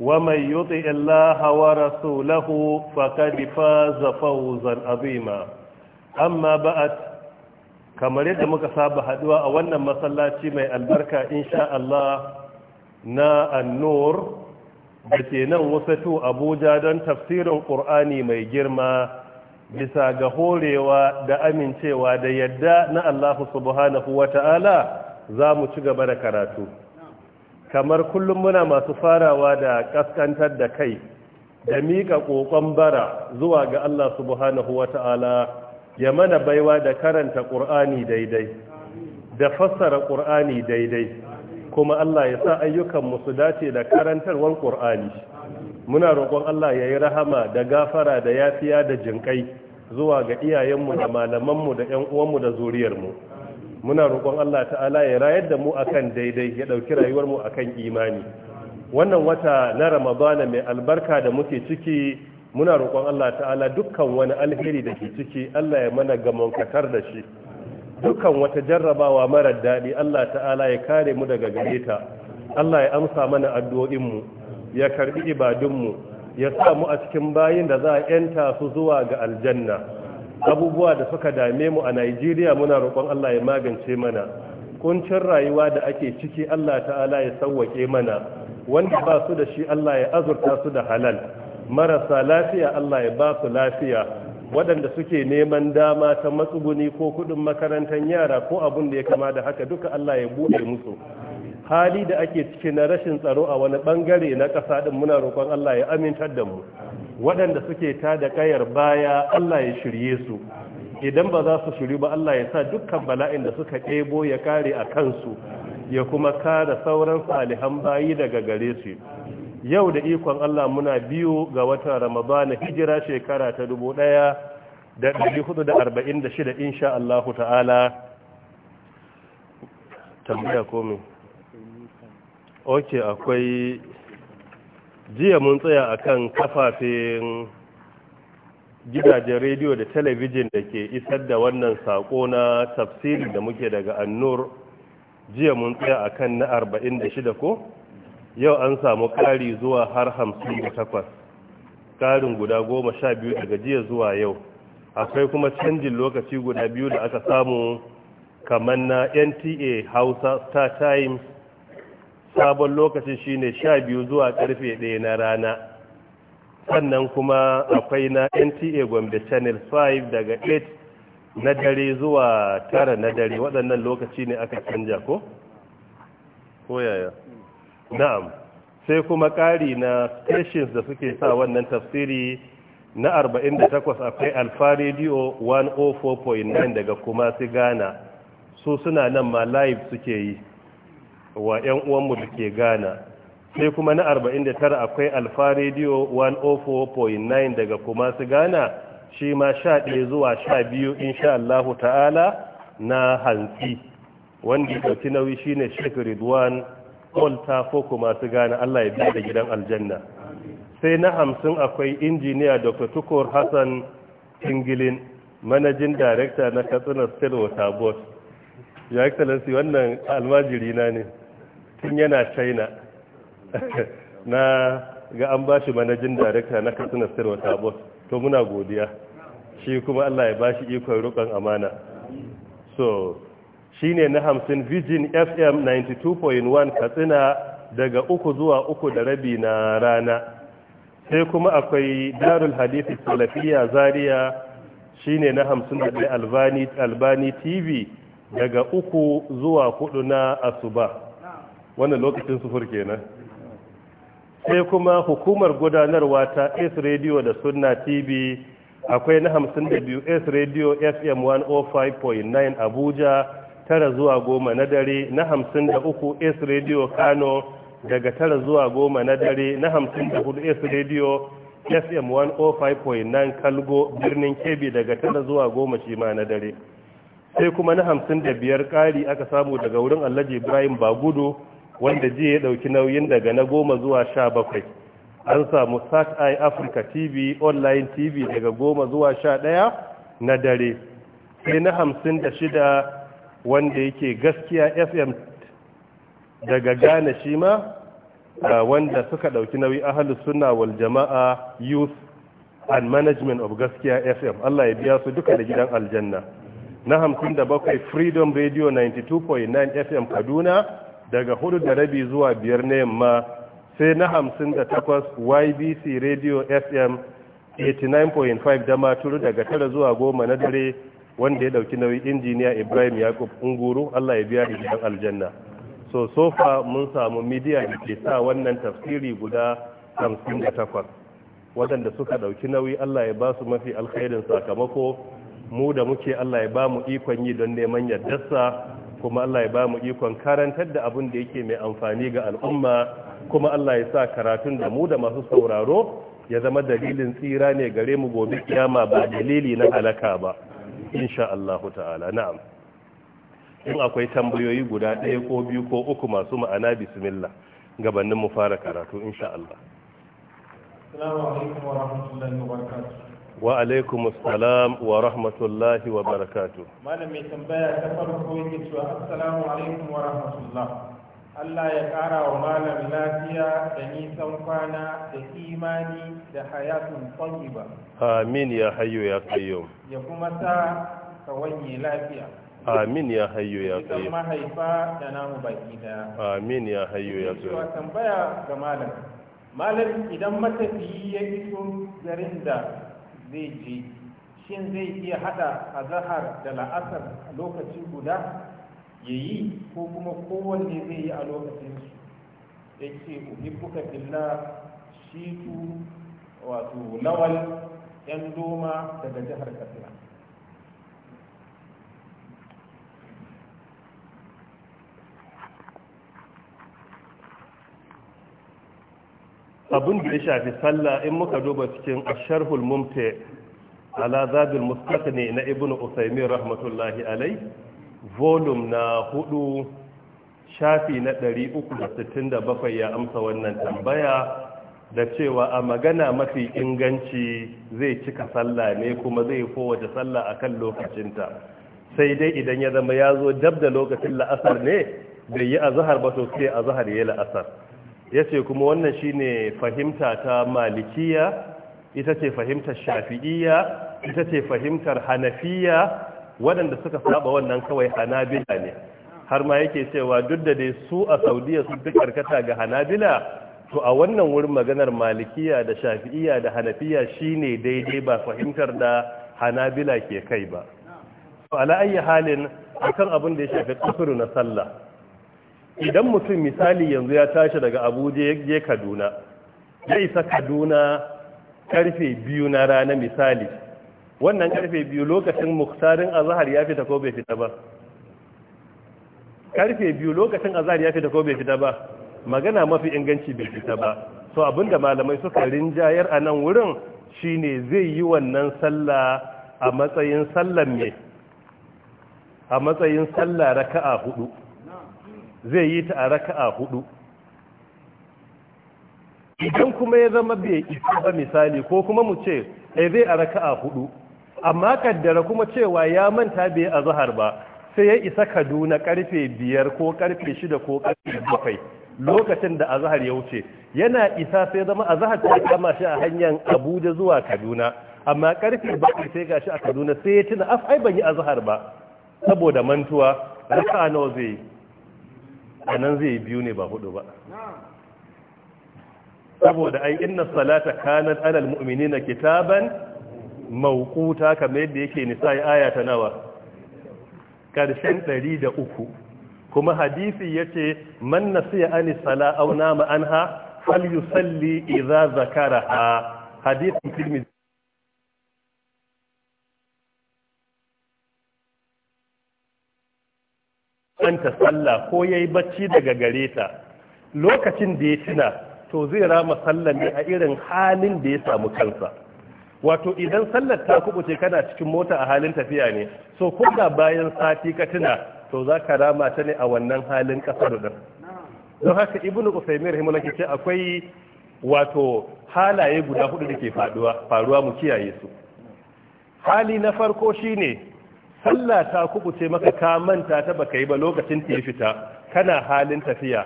ومن يطع الله ورسوله فقد فاز فوزا عظيما أما بعد kamar yadda muka saba haduwa a wannan masallaci mai albarka insha Allah na annur da ke nan wasatu abuja don tafsirin ƙur'ani mai girma bisa ga horewa da amincewa da yadda na Allah subhanahu wa ta'ala za mu ci gaba da karatu kamar kullum muna masu farawa da kaskantar da kai da miƙa ƙoƙon bara zuwa ga Allah subhanahu wa ta'ala ya mana baiwa da karanta ƙur'ani daidai da fassara ƙur'ani daidai kuma Allah ya sa ayyukan su dace da karantarwar ƙur'ani muna roƙon Allah ya yi rahama da gafara da yafiya da jinƙai zuwa ga iyayenmu da malamanmu da ‘yan uwanmu da zuriyarmu. muna roƙon Allah ta'ala ya rayar da mu akan daidai ya ɗauki rayuwar mu akan imani wannan wata na ramadana mai albarka da muke ciki muna roƙon Allah ta'ala dukkan wani alheri da ke ciki Allah ya mana gamonkatar da shi dukkan wata jarrabawa marar daɗi Allah ta'ala ya kare mu daga gare ta Allah ya amsa mana addu'o'inmu ya karbi ibadunmu ya sa mu a cikin bayin da za a yanta su zuwa ga aljanna abubuwa da suka dame mu a Najeriya muna roƙon Allah ya magance mana kuncin rayuwa da ake ciki Allah ta'ala ya sauwake mana wanda ba su da shi Allah ya azurta su da halal marasa lafiya Allah ya ba su lafiya waɗanda suke neman dama ta matsuguni ko kuɗin makarantar yara ko abin da ya kama da haka duka Allah ya buɗe musu hali da ake ciki na rashin tsaro a wani bangare na ƙasa ɗin muna roƙon Allah ya amintar da mu waɗanda suke ta da ƙayar baya Allah ya shirye su idan ba za su shiri ba Allah ya sa dukkan bala'in da suka ɗebo ya kare a kansu ya kuma kare sauran salihan bayi daga gare su yau da ikon Allah muna biyu ga watan Ramadana hijira shekara ta 1446 insha Allah ta'ala tambaya komai ok akwai jiya mun tsaya akan kafafen gidajen rediyo da talabijin da ke isar da wannan sako na tafsiri da muke daga annur jiya mun tsaya akan na 46 ko yau an samu kari zuwa har 58 ƙarin guda 12 daga jiya zuwa yau akwai kuma canjin lokaci guda biyu da aka samu kamar na nta hausa star times sabon lokacin ne sha biyu zuwa karfe ɗaya na rana sannan kuma akwai na nta gombe channel 5 daga 8 na dare zuwa tara na dare waɗannan lokaci ne aka canja ko? ko yaya na'am sai kuma ƙari na stations da suke sa wannan tafsiri na 48 akwai alfa radio 104.9 daga kuma su gana su suna nan ma live suke yi wa 'yan uwanmu da ke ghana sai kuma na arba'in da tara akwai alfa radio 104.9 daga kuma su ghana shi ma 11 zuwa 12 insha Allahu ta'ala na hantsi wanda ya ɗauki nauyi shine Sheikh Ridwan Kolta ko kuma su gana Allah ya biya da gidan aljanna sai na hamsin akwai injiniya Dr. Tukur Hassan Tingilin Manajin director na Katsina State Water ya excellency wannan almajiri na ne tun yana china na ga an ba shi manajin darekta na katsina sirwa sabon to muna godiya shi kuma allah ya ba shi ikon rukon amana so shi ne na hamsin virgin fm 92.1 katsina daga uku zuwa uku da rabi na rana sai kuma akwai darul hadithi salafiya zaria ne na hamsin albani tv daga uku zuwa hudu na asuba wannan lokacin sufur kenan sai kuma hukumar gudanarwa ta S radio da Sunna TV akwai na 52 S radio FM 105.9 Abuja tara zuwa goma na dare na 53 S radio Kano daga tara zuwa goma na dare na 54 S radio FM 105.9 Kalgo birnin Kebbi daga tara zuwa goma shi ma na dare sai kuma na hamsin da biyar ƙari aka samu daga wurin allaji ibrahim bagudu wanda jiya ya ɗauki nauyin daga na goma zuwa sha bakwai an samu sat eye africa tv online tv daga goma zuwa sha ɗaya na dare sai na hamsin da shida wanda yake gaskiya fm daga ghana shi ma wanda suka ɗauki nauyi ahalus suna wal jama'a youth and management of gaskiya fm allah ya biya su duka da gidan aljanna na hamsin da bakwai freedom radio 92.9 fm kaduna daga hudu da rabi zuwa biyar na yamma sai na hamsin da takwas ybc radio fm 89.5 da maturu daga tara zuwa goma na dare wanda ya dauki nauyi injiniya ibrahim yakub unguru allah ya biya gidan aljanna so so far mun samu midiya da ke sa wannan tafsiri guda 58 waɗanda suka dauki nauyi allah ya ba su mafi alkhairin sakamako mu da muke Allah ya ba mu ikon yi don neman yardarsa kuma Allah ya ba mu ikon karantar da abin da yake mai amfani ga al'umma kuma Allah ya sa karatun da mu da masu sauraro ya zama dalilin tsira ne gare mu gobe kiyama ba dalili na alaka ba insha Allah ta'ala na'am in akwai tambayoyi guda ɗaya ko biyu ko uku masu ma'ana bismillah gabanin mu fara karatu insha Allah assalamu alaikum wa rahmatullahi wa barakatuh wa alaikum assalam wa rahmatullahi wa barakatu malam mai tambaya ta farko yake cewa assalamu alaikum wa rahmatullah Allah ya kara wa malam lafiya da nisan kwana da imani da hayatun tayyiba amin ya hayyu ya qayyum ya kuma sa ka wanye lafiya amin ya hayyo ya tsaye mahaifa da namu baki daya amin ya hayyo ya tsaye wa tambaya ga malam malam idan matafiyi ya fito garin da zai je shin zai iya hada a zahar da la'asar a lokaci guda ya yi ko kuma kowanne zai yi a lokacin su ya ce uhibbuka billah shitu wato lawal yan doma daga jihar katsina abin da ya shafi sallah in muka duba cikin asharhul mumte ala zadul mustaqni na ibnu usaymin rahmatullahi alai volume na hudu shafi na 367 ya amsa wannan tambaya da cewa a magana mafi inganci zai cika sallah ne kuma zai kowace sallah a akan lokacinta sai dai idan ya zama ya zo dab da lokacin la'asar ne bai yi a zahar ba sosai a ya yi la'asar ya ce kuma wannan shine fahimta ta malikiya ita ce fahimtar shafi'iya, ita ce fahimtar hanafiya waɗanda suka saba wannan kawai hanabila ne har ma yake cewa duk da dai su a saudiya su fi karkata ga hanabila to a wannan wurin maganar malikiya da shafi'iya da hanafiya shine daidai ba fahimtar da hanabila ke kai ba to ala ayyi halin akan abin da ya shafi kafiru na sallah idan mutum misali yanzu ya tashi daga abuja ya je kaduna ya isa kaduna karfe biyu na rana misali wannan karfe biyu lokacin muktarin azahar ya fita ko bai fita ba karfe biyu lokacin azahar ya fita ko bai fita ba magana mafi inganci bai fita ba so abinda malamai suka rinjayar a nan wurin shine zai yi wannan sallah a matsayin sallar me a matsayin sallah raka'a hudu zai yi ta a raka'a hudu idan kuma ya zama bai isa ba misali ko kuma mu ce ai eh, zai a raka'a hudu amma kaddara kuma cewa ya manta bai a zahar ba sai ya isa kaduna karfe biyar ko karfe shida ko karfe bakwai lokacin da azahar ya wuce yana isa sai zama azahar ta kama shi a hanyar abuja zuwa kaduna amma karfe bakwai sai gashi a kaduna sai ya tuna af ai ban yi azahar ba saboda mantuwa raka nawa zai yi a nan zai biyu ne ba hudu ba saboda ai inna salata kanat alal mu'minina kitaban mawquta kamar yadda yake nisa'i aya ta nawa karshen 103 kuma hadisi yace man nasiya ani sala aw nama anha falyusalli idza zakara hadisi tilmizi an ta sallah ko yi bacci daga gare ta lokacin da ya tuna to zai rama sallah ne a irin halin da ya samu kansa wato idan sallar ta kubuce kana cikin mota a halin tafiya ne so kuma bayan sati ka tuna to za ka rama ta ne a wannan halin kasar da don haka ibn usaymin rahimahullah ce akwai wato halaye guda hudu da ke faruwa mu kiyaye su hali na farko shine sallah ta kubuce maka ka manta ta baka yi ba lokacin ta fita kana halin tafiya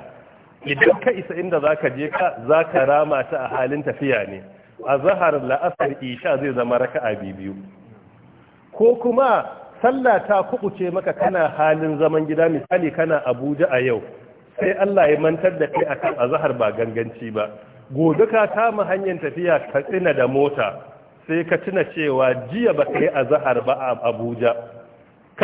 idan ka isa inda zaka je ka zaka rama ta a halin tafiya ne a zahar la'asar isha zai zama raka raka'a biyu ko kuma sallah ta kubuce maka kana halin zaman gida misali kana Abuja a yau sai Allah ya mantar da kai akan zahar ba ganganci ba gobe ka kama hanyar tafiya ka tsina da mota sai ka tuna cewa jiya ba kai zahar ba a Abuja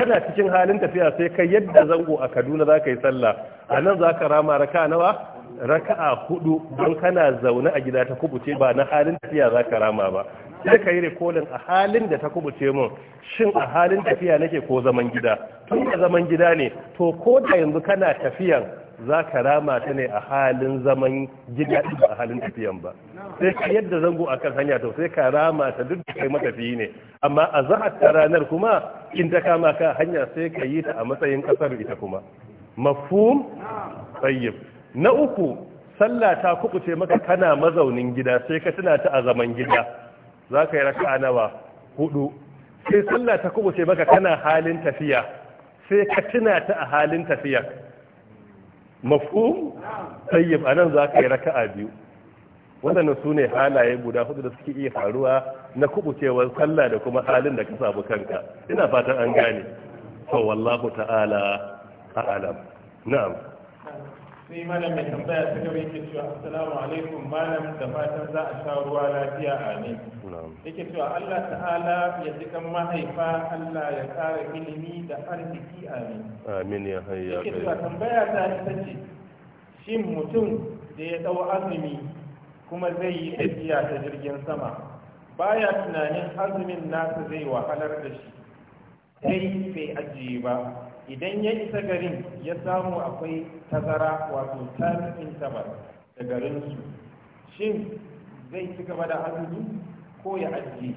kana cikin halin tafiya sai kai yadda zango a Kaduna za ka yi sallah a nan za ka rama raka nawa raka'a hudu don kana zaune a gida ta kubuce ba na halin tafiya za ka rama ba sai ka yi rikolin a halin da ta kubuce mun shin a halin tafiya nake ko zaman gida tun da zaman gida ne to ko da yanzu kana tafiyan za ka rama ta ne a halin zaman gida ba a halin tafiyan ba sai ka yadda zango a kan hanya to sai ka rama ta duk da kai matafiyi ne amma a zahar ta ranar kuma in ta kama ka hanya sai ka yi ta a matsayin kasar ita kuma mafhum tayyib na uku sallah ta ce maka kana mazaunin gida sai ka tuna ta a zaman gida za ka yi raka'a nawa hudu sai sallah ta kubuce maka kana halin tafiya sai ka tuna ta a halin tafiya mafhum tayyib anan za ka yi raka'a biyu waɗannan su ne halaye guda hudu da suke iya faruwa na kubucewar sallah da kuma halin da ka samu kanka ina fatan an gane to wallahu ta'ala a'lam na'am sai malam mai tambaya ta gaba yake cewa assalamu alaikum malam da fatan za a sha ruwa lafiya amin yake cewa Allah ta'ala ya ji kan mahaifa Allah ya kara ilimi da arziki amin amin ya hayya yake cewa tambaya ta ita ce shin mutum da ya dau azumi kuma zai yi tafiya ta jirgin sama baya tunanin azumin nasa zai wahalar da shi sai bai ajiye ba idan ya isa garin ya samu akwai tazara wato time interval da garinsu shin zai ci gaba da azumi ko ya ajiye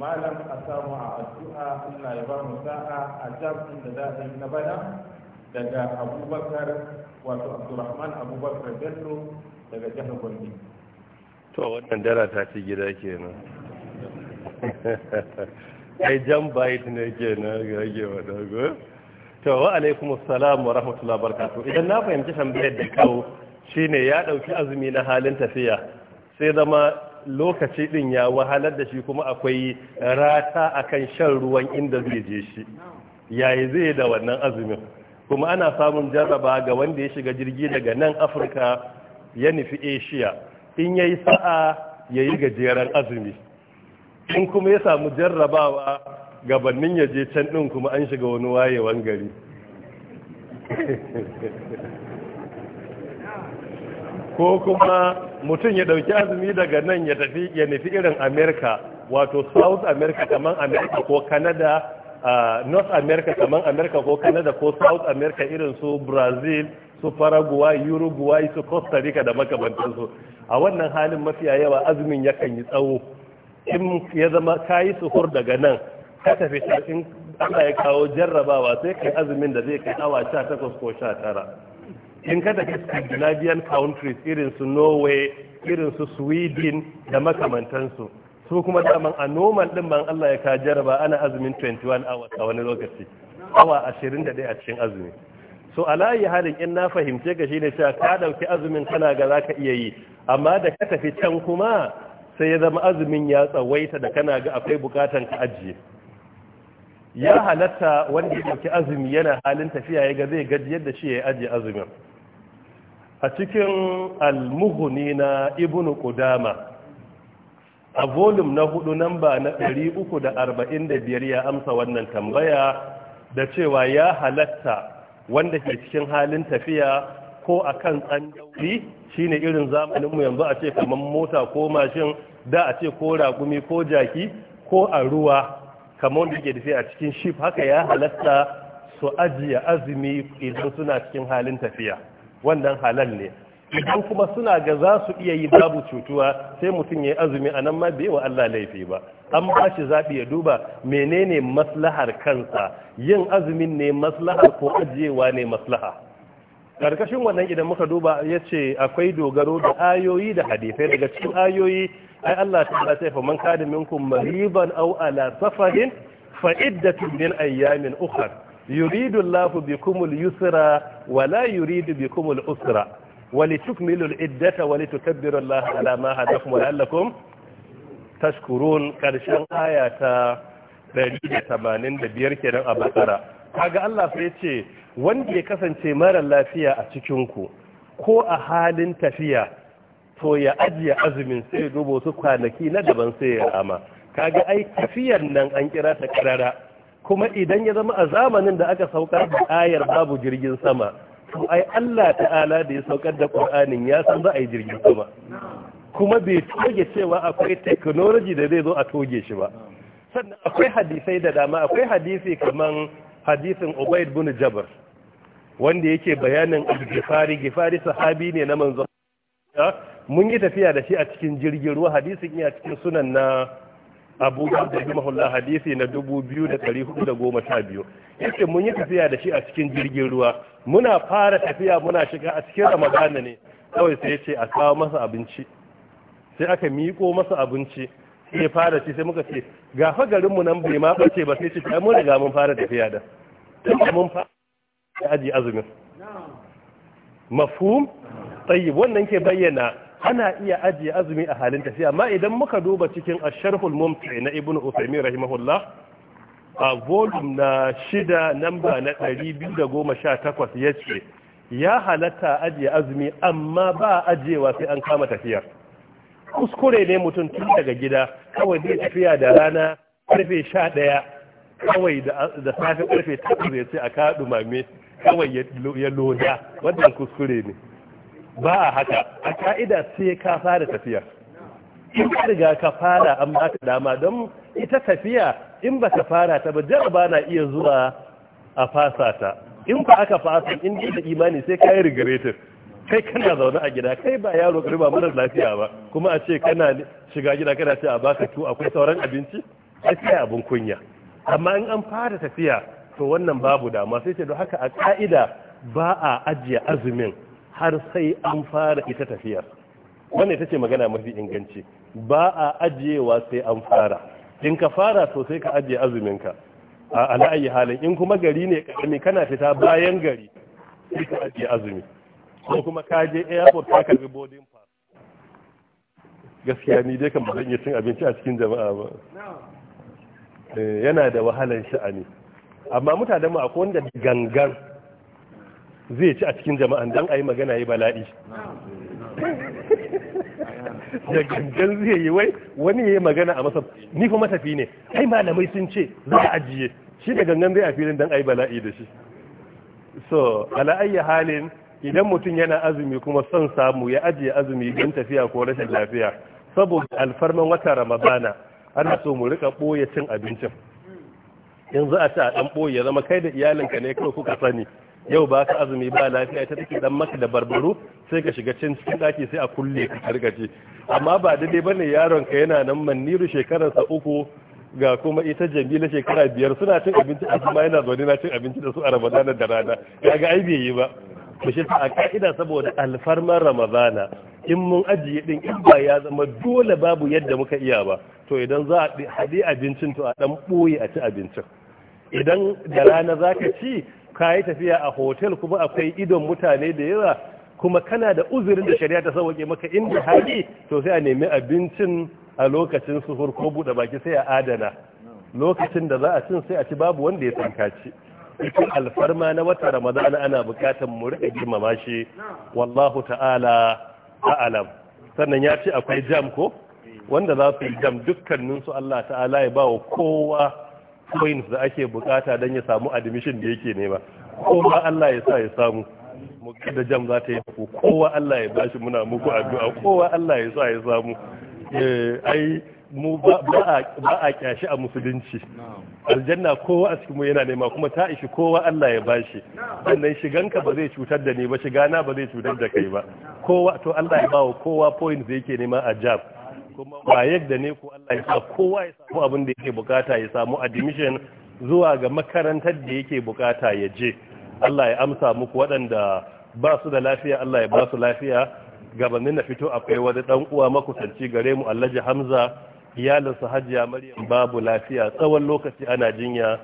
malam a samu a addu'a Allah ya ba mu sa'a a jami'in da za a yi na bana daga abubakar wato abdurrahman abubakar bello daga jihar gombe to wannan dara ta ci gida kenan ai jan bait ne kenan ga rage wa to wa alaikum assalam wa rahmatullahi barkatu. idan na fahimci tambayar da kawo shine ya ɗauki azumi na halin tafiya sai zama lokaci din ya wahalar da shi kuma akwai rata akan shan ruwan inda zai je shi yayi zai da wannan azumin kuma ana samun jarraba ga wanda ya shiga jirgi daga nan afirka ya nufi asia in ya yi sa'a ya yi gajeren azumi in kuma ya samu jarrabawa gabannin ya je can din kuma an shiga wani wayewan gari ko kuma mutum ya ɗauki azumi daga nan ya tafi ya nufi irin america wato south america kamar america ko canada north america kamar america ko canada ko south america irin su brazil su paraguay uruguay su costa rica da makamantansu a wannan halin mafiya yawa azumin yakan yi tsawo in ya zama kayi suhur daga nan ka tafi in Allah ya kawo jarrabawa sai kai azumin da zai kai awa 18 ko 19 in ka tafi Scandinavian countries irin su Norway irin su Sweden da makamantansu su kuma daman a normal din ban Allah ya kawo jarraba ana azumin 21 hours a wani lokaci awa 21 a cikin azumi so alayi halin in na fahimce ka shine cewa ka dauki azumin kana ga zaka iya yi amma da ka tafi can kuma sai ya zama azumin ya tsawaita da kana ga akwai bukatan ka ajiye ya halatta wanda ya dauki azumi yana halin tafiya ya ga zai gaji yadda shi ya ajiye azumin a cikin almuhuni na Ibn Ƙudama. a volum na hudu namba na 345 ya amsa wannan tambaya da cewa ya halatta wanda ke cikin halin tafiya ko a tsanjauri shi shine irin zamaninmu yanzu a ce kamar mota ko mashin da a ce ko ragumi ko jaki ko a ruwa kamar wanda yake a cikin ship haka ya halatta su ajiye azumi idan suna cikin halin tafiya wannan halal ne idan kuma suna ga za su iya yi babu cutuwa sai mutum ya yi azumi a nan ma bai wa Allah laifi ba an ba shi zaɓi ya duba menene maslahar kansa yin azumin ne maslahar ko ajiyewa ne maslaha karkashin wannan idan muka duba ya ce akwai dogaro da ayoyi da hadisai daga cikin ayoyi ai Allah ta ce fa man kana minkum mariban aw ala safarin fa iddatun min ayyamin ukhra yuridu Allahu bikum yusra wa la yuridu bikum al-usra wa litukmilu al-iddata wa litukabbiru Allaha ala ma hadakum wa la'allakum tashkurun karshen aya ta 185 kenan a bakara kaga Allah sai ce wanda ya kasance mara lafiya a cikin ku ko a halin tafiya to ya ajiye azumin sai ya duba su kwanaki na daban sai ya rama kaga ai tafiyar nan an kira ta karara kuma idan ya zama a zamanin da aka saukar da ayar babu jirgin sama to ai Allah ta'ala da ya saukar da Qur'anin ya san za a yi jirgin sama kuma bai toge cewa akwai technology da zai zo a toge shi ba sannan akwai hadisai da dama akwai hadisi kaman hadisin Ubayd bin Jabr wanda yake bayanin al-Gifari Gifari sahabi ne na manzo mun yi tafiya da shi a cikin jirgin ruwa hadisin iya cikin sunan na abu da rahimahullah hadisi na 2412 yake mun yi tafiya da shi a cikin jirgin ruwa muna fara tafiya muna shiga a cikin ramadana ne kawai sai ce a kawo masa abinci sai aka miƙo masa abinci sai fara ci sai muka ce ga fa garin mu nan bai ma bace ba sai ce ta mun riga mun fara tafiya da tun mun fara aji azumin mafhum tayyib wannan ke bayyana ana iya ajiye azumi a halin tafiya amma idan muka duba cikin asharhul mumti na ibnu usaymin rahimahullah a volume na shida namba na 218 yace ya halatta ajiye azumi amma ba ajiyewa sai an kama tafiyar kuskure ne mutum tun daga gida kawai zai tafiya da rana karfe 11 kawai da safe karfe 8 zai ce a kaɗu mame kawai ya loda wannan kuskure ne ba a haka a ka'ida sai ka fara tafiya in ka riga ka fara an ba ka dama don ita tafiya in ba ka fara ta ba jaraba na iya zuwa a fasa ta in ba aka fasa in ji da imani sai ka yi regretin kai kana zaune a gida kai ba yaro ka ba mara lafiya ba kuma a ce kana shiga gida kana ce a baka tu akwai sauran abinci sai kai abin kunya amma in an fara tafiya to wannan babu dama sai ce don haka a ka'ida ba a ajiye azumin har sai an fara ita tafiyar wanda ita ce magana mafi inganci ba a ajiyewa sai an fara in ka fara sosai ka ajiye azuminka a ala'ayi halin in kuma gari ne karami kana fita bayan gari sai ka ajiye azumi ko kuma ka je airport ka karbi boarding pass gaskiya ni dai kan bazan yi cin abinci a cikin jama'a ba eh, yana da wahalar sha'ani amma mutanen mu akwai wanda gangan zai ci a cikin jama'an dan yi magana yi bala'i da gangan zai yi wai wani ya yi magana a masa ni kuma tafi ne ai malamai sun ce za a ajiye shi da gangan zai a filin dan yi bala'i da shi so ala'ayya halin idan mutum yana azumi kuma son samu ya ajiye azumi don tafiya ko rashin lafiya saboda alfarman wata ramadana ana so mu rika boye cin abincin yanzu a ci a dan boye zama kai da iyalinka ne kawai kuka sani yau ba ka azumi ba lafiya ta take dan maka da barbaro sai ka shiga cin cikin daki sai a kulle ka kargaje amma ba daidai bane yaron ka yana nan manniru sa uku ga kuma ita jamila shekara biyar suna cin abinci a kuma yana zaune na cin abinci da su a ramadana da rana kaga ai bai yi ba ku shi a ka'ida saboda alfarmar ramadana in mun ajiye din in ba ya zama dole babu yadda muka iya ba to idan za a haɗe abincin to a ɗan ɓoye a ci abincin idan da rana za ka ci ka yi tafiya a hotel kuma akwai idon mutane da yawa kuma kana da uzurin da shari'a ta sauke maka inda hali to sai a nemi abincin a lokacin suhur ko buɗe baki sai a adana lokacin da za a cin sai a ci babu wanda ya san ci ita alfarma na wata ramadana ana bukatar mu riƙa girmama shi wallahu ta'ala a'lam sannan ya ce akwai jam ko wanda za su yi jam dukkaninsu Allah ta'ala ya ba wa kowa points da ake bukata don ya samu admission da yake nema kowa Allah ya sa ya samu da jam za ta yi ku kowa Allah ya bashi muna muku addu'a kowa Allah ya sa ya samu eh, ai mu ba a kyashi a musulunci aljanna kowa a cikin mu yana nema kuma ta ishi kowa Allah ya bashi sannan shiganka ba zai cutar da ni ba shigana ba zai cutar da kai ba kowa to Allah ya bawa kowa points da yake nema a jam kuma waye da ne ku Allah ya sa kowa ya samu abin da yake bukata ya samu admission zuwa ga makarantar da yake bukata ya je Allah ya amsa muku waɗanda ba su da lafiya Allah ya ba su lafiya gabanin na fito akwai wani dan uwa makusanci gare mu Alhaji Hamza su Hajiya Maryam babu lafiya tsawon lokaci ana jinya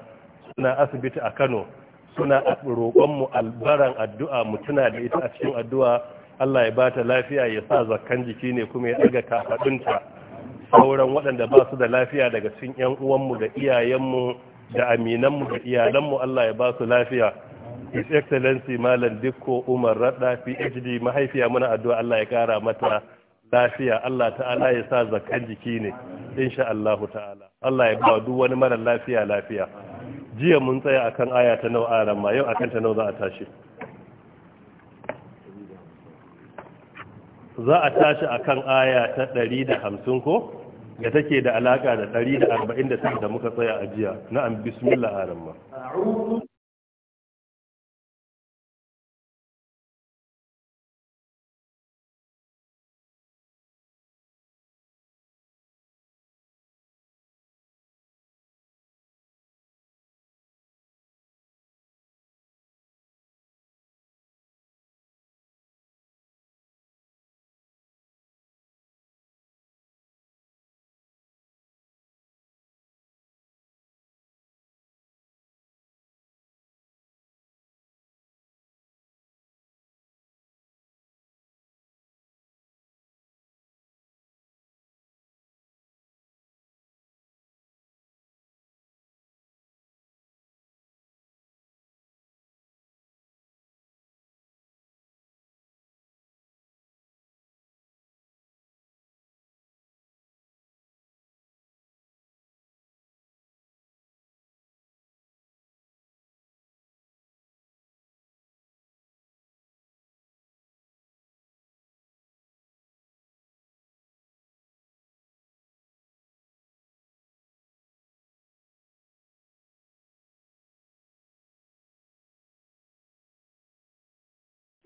suna asibiti a Kano suna roƙon mu albaran addu'a mu tuna da ita a cikin addu'a Allah ya ba ta lafiya ya sa zakkan jiki ne kuma ya daga kafaɗinta sauran waɗanda ba su da lafiya daga cikin 'yan uwanmu da iyayenmu da aminanmu da iyalanmu Allah ya ba su lafiya His Excellency Malam Dikko Umar Radda PhD mahaifiya muna addu'a Allah ya kara mata lafiya Allah ta'ala ya sa zakkan jiki ne insha Allah ta'ala Allah ya ba duk wani mara lafiya lafiya jiya mun tsaya akan aya ta nau'a ramma yau akan ta nau za a tashi za a tashi akan aya ta ɗari da hamsin ko da take da alaƙa da ɗari da muka tsaya a jiya na'am bismillah arama a'udhu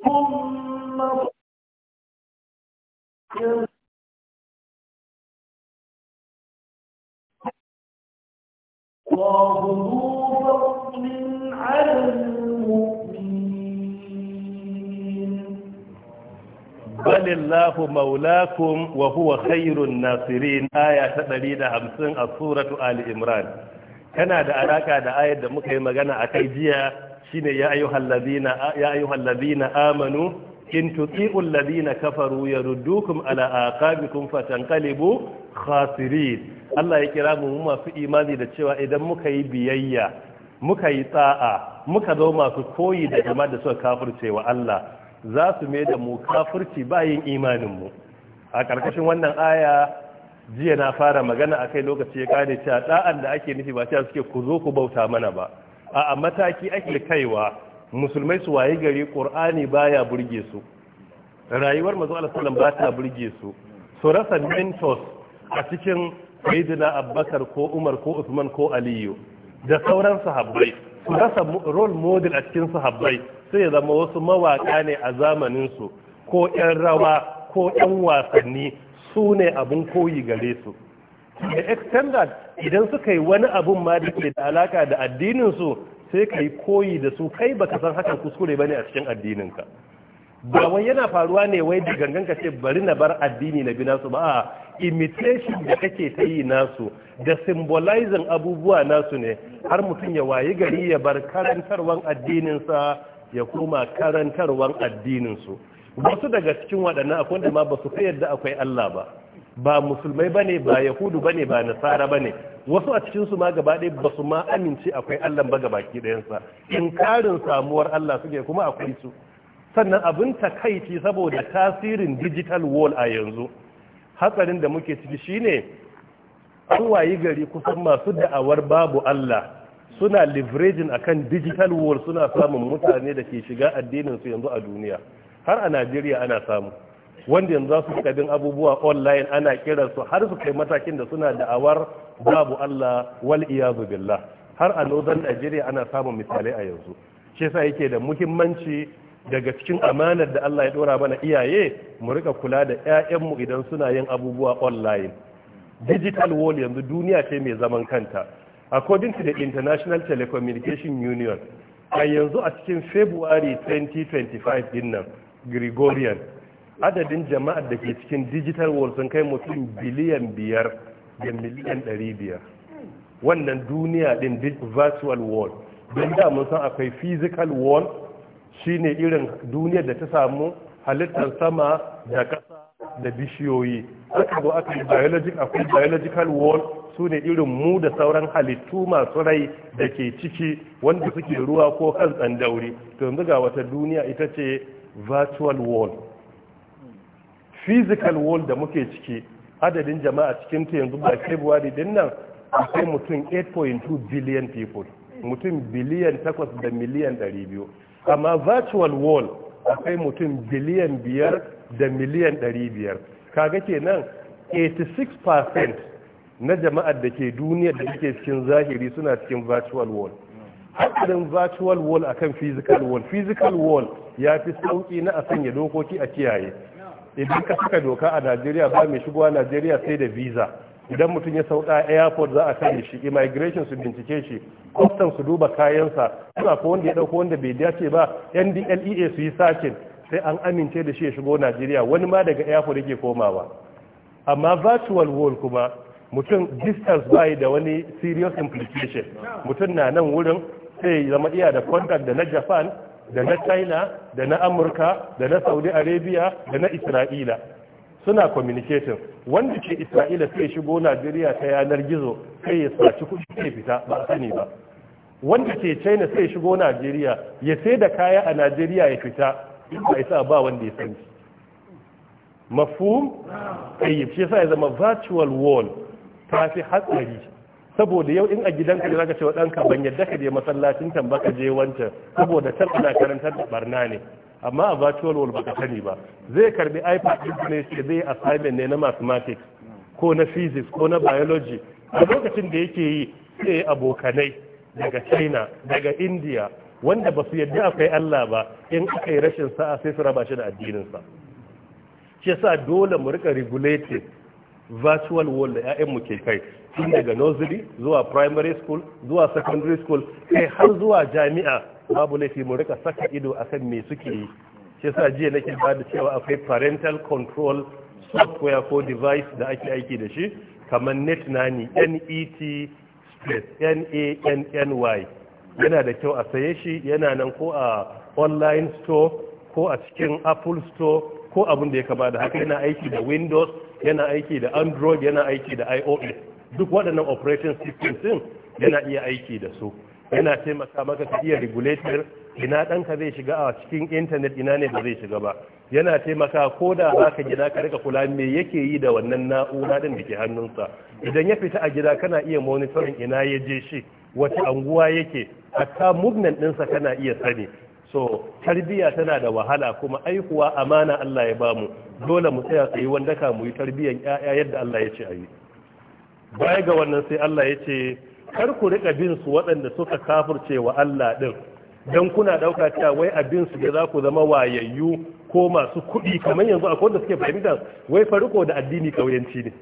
الله بل الله مولاكم وهو خير الناصرين آية تدريد همسن السورة آل إمران كان هذا علاقة da ayar da muka yi magana shine ya ayyuhal ladina amanu in tuti'u alladhina kafaru yaruddukum ala aqabikum fatanqalibu khasirin Allah ya kira mu masu imani da cewa idan muka yi biyayya muka yi tsa'a muka zo masu koyi da jama'a da suka kafirce wa Allah za su mai da mu kafirci bayin imanin mu a karkashin wannan aya jiya na fara magana akai lokaci ya kare cewa da'an da ake nufi ba cewa suke ku zo ku bauta mana ba a mataki ake kaiwa musulmai su waye gari qur'ani baya burge su rayuwar manzo Allah sallallahu ba ta burge su su rasa mentors a cikin sayyidina Abubakar ko Umar ko Usman ko Aliyu da sauran sahabbai su rasa role model a cikin sahabbai sai ya zama wasu mawaka ne a zamanin su ko 'yan rawa ko 'yan wasanni su ne abin koyi gare su da extended idan suka yi wani abun ma da ke da alaka da addininsu sai ka yi koyi da su kai baka san hakan kuskure ba ne a cikin addininka ba wai yana faruwa ne wai da gangan ka ce bari na bar addini na bina su ba a imitation da kake ta yi nasu da symbolizing abubuwa nasu ne har mutum ya wayi gari ya bar karantarwan addininsa ya koma karantarwan addininsu wasu daga cikin waɗannan akwai da ma ba su kai yadda akwai Allah ba ba musulmai bane ba yahudu bane ba nasara bane wasu a cikin su ma gaba ɗaya ba su ma amince akwai Allah ba gabaki ɗayansa karin samuwar Allah suke kuma akwai su sannan abin takaici saboda tasirin digital wall a yanzu hatsarin da muke ciki shine an wayi gari kusan masu da'awar babu Allah suna leveraging akan digital wall suna samun mutane da ke shiga addinin su yanzu a duniya har a Najeriya ana samu wanda yanzu za su kabin abubuwa online ana su har su kai matakin da suna da'awar babu Allah wal iyazu billah har a northern Nigeria ana samun misalai a yanzu shi yasa yake da muhimmanci daga cikin amanar da Allah ya dora mana iyaye mu rika kula da ƴaƴanmu idan suna yin abubuwa online digital world yanzu duniya ce mai zaman kanta according to the International Telecommunication Union a yanzu a cikin February 2025 din Gregorian adadin jama'ar da ke cikin digital world sun kai mutum biliyan biyar da miliyan ɗari biyar wannan duniya din virtual world don da mun san akwai physical world shine irin duniyar da ta samu halittar sama da ƙasa da bishiyoyi aka zo aka yi akwai biological world su ne irin mu da sauran halittu masu rai da ke ciki wanda suke ruwa ko kan tsandauri to yanzu ga wata duniya ita ce virtual world physical world da muke ciki adadin jama'a cikin ta yanzu ba february din nan akwai mutum 8.2 billion people mutum biliyan 8 da miliyan 200 amma virtual world akwai mutum biliyan 5 da miliyan 500 kaga kenan 86% na jama'ar da ke duniya da suke cikin zahiri suna cikin virtual world hadarin virtual wall akan physical wall physical wall ya fi sauki na a sanya dokoki a kiyaye idan ka saka doka a najeriya ba mai shigowa najeriya sai da visa idan mutum ya sauka airport za a kare shi immigration su bincike shi custom su duba kayansa suna ko wanda ya dauko wanda bai dace ba ndlea su yi sakin sai an amince da shi ya shigo najeriya wani ma daga airport yake komawa amma virtual world kuma mutum distance bai da wani serious implication mutum na nan wurin sai zama iya da contact da na japan da na china da na amurka da na saudi arabia da na isra'ila suna communicating wanda ke isra'ila sai shigo najeriya ta yanar gizo kai ya saci kuɗi sai fita ba sani ba wanda ke china sai shigo najeriya ya sai da kaya a najeriya ya fita ba isa ba wanda ya sani mafhum ayyib shi sai ya zama virtual wall ta fi hatsari saboda yau in a gidanka da zaka ce wa ɗanka ban yadda ka je masallacin can baka je wancan saboda can ana karantar da barna ne amma a virtual world baka sani ba zai karbi ipad din ne sai zai assignment ne na mathematics ko na physics ko na biology a lokacin da yake yi sai abokanai daga china daga india wanda ba su yadda akwai allah ba in aka yi rashin sa'a sai su raba shi da addininsa shi yasa dole mu rika regulating virtual world da 'ya'yanmu ke kai tun daga nursery zuwa primary school zuwa secondary school kai har zuwa jami'a babu laifi mu rika saka ido akan me suke yi shi yasa jiya nake ba da cewa akwai parental control software ko device da ake aiki da shi kamar net nani net space n-a-n-n-y yana da kyau a saye shi yana nan ko a online store ko a cikin apple store ko abin da ya kama da haka yana aiki da windows yana aiki da android yana aiki da ios duk waɗannan operation systems din yana iya aiki da su yana taimaka maka ta iya regulator ina ɗanka zai shiga a cikin intanet ina ne ba zai shiga ba yana taimaka ko da za ka gida ka rika kula me yake yi da wannan na'ura ɗin da ke hannunsa idan ya fita a gida kana iya monitorin ina ya je shi wata anguwa yake hatta mugnan ɗinsa kana iya sani so tarbiyya tana da wahala kuma aikuwa amana Allah ya bamu dole mu tsaya tsaye wanda ka mu yi tarbiyyar 'ya'ya yadda Allah ya ce a yi baya ga wannan sai Allah ya ce kar ku rika bin su waɗanda suka kafurce wa Allah ɗin don kuna ɗauka cewa wai abin su da za ku zama wayayyu ko masu kuɗi kamar yanzu akwai wanda suke fahimta wai fariko da addini ƙauyenci ne